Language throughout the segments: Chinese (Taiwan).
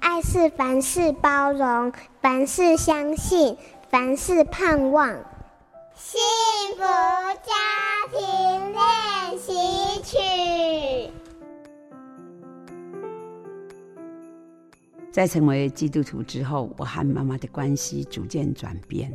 愛是凡事包容，凡事相信，凡事盼望。幸福家庭練習曲。在成為基督徒之後，我和媽媽的關係逐漸轉變。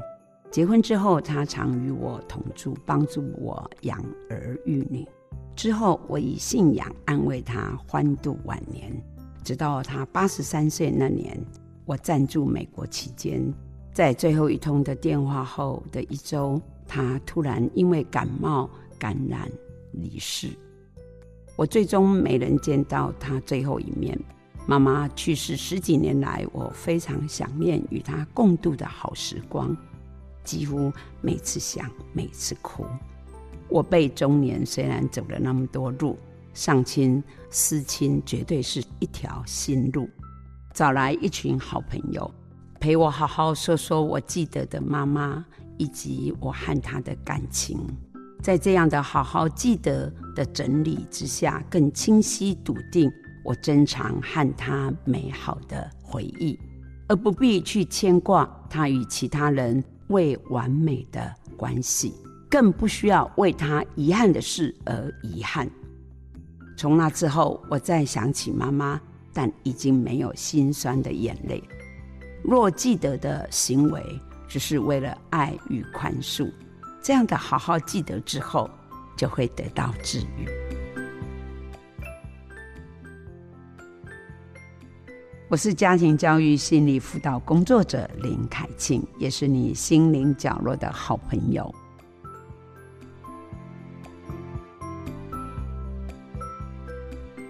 結婚之後，她常與我同住，幫助我養兒育女。之後，我以信仰安慰她，歡度晚年。直到他八十三歲那年，我暫住美國期間，在最後一通的電話後的一周，他突然因為感冒感染離世。我最終沒能見到他最後一面。媽媽去世十幾年來，我非常想念與他共度的好時光，幾乎每次想，每次哭。我輩中年，雖然走了那麼多路。上親、思親，絕對是一條心路。找來一群好朋友，陪我好好說說我記得的媽媽，以及我和她的感情。在這樣的好好記得的整理之下，更清晰、篤定我珍藏和她美好的回憶，而不必去牽掛她與其他人未完美的關係，更不需要為她遺憾的事而遺憾。從那之後，我再想起媽媽，但已經沒有心酸的眼淚。若記得的行為，只是為了愛與寬恕，這樣的好好記得之後，就會得到治癒。我是家庭教育心理輔導工作者林凱沁，也是你心靈角落的好朋友。